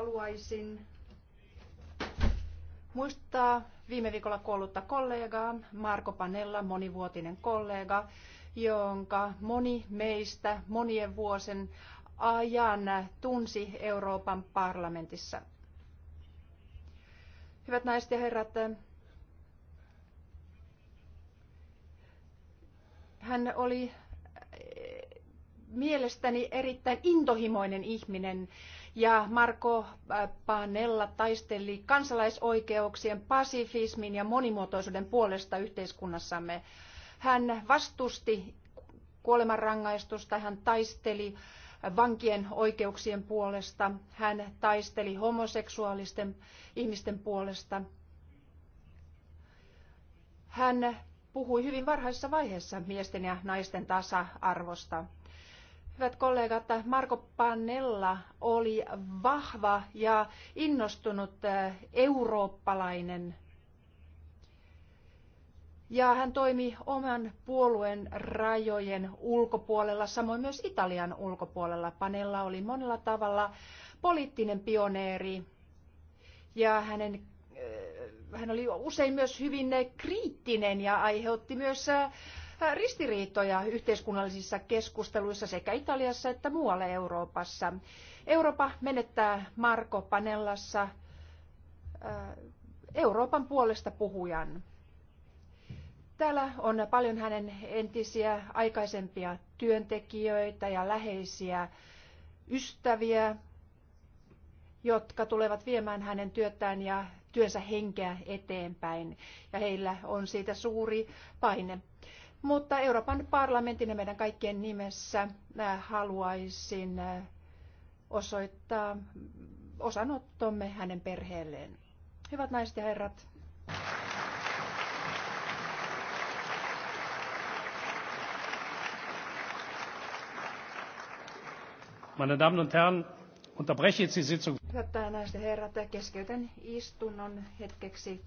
haluaisin muistaa viime viikolla kuollutta kollegaa, Marko Panella, monivuotinen kollega, jonka moni meistä monien vuosien ajan tunsi Euroopan parlamentissa. Hyvät naiset ja herrat, hän oli mielestäni erittäin intohimoinen ihminen ja Marco äh, Panella taisteli kansalaisoikeuksien, pasifismin ja monimuotoisuuden puolesta yhteiskunnassamme. Hän vastusti kuolemanrangaistusta, hän taisteli vankien oikeuksien puolesta, hän taisteli homoseksuaalisten ihmisten puolesta. Hän puhui hyvin varhaisessa vaiheessa miesten ja naisten tasa-arvosta. Hyvät kollegat, Marko Panella oli vahva ja innostunut eh, eurooppalainen. Ja hän toimi oman puolueen rajojen ulkopuolella, samoin myös Italian ulkopuolella. Panella oli monella tavalla poliittinen pioneeri ja hänen eh, hän oli usein myös hyvin kriittinen ja aiheutti myös eh, ristiriitoja yhteiskunnallisissa keskusteluissa sekä Italiassa että muualla Euroopassa. Eurooppa menettää Marko Panellassa äh, Euroopan puolesta puhujan. Täällä on paljon hänen entisiä aikaisempia työntekijöitä ja läheisiä ystäviä, jotka tulevat viemään hänen työtään ja työnsä henkeä eteenpäin. Ja heillä on siitä suuri paine. Mutta Euroopan parlamentin ja meidän kaikkien nimessä äh, haluaisin äh, osoittaa osanottomme hänen perheelleen. Hyvät naiset ja herrat, Meine Damen und Herren, unterbreche jetzt die Sitzung. Hyvät naiset ja herrat, keskeytän istunnon hetkeksi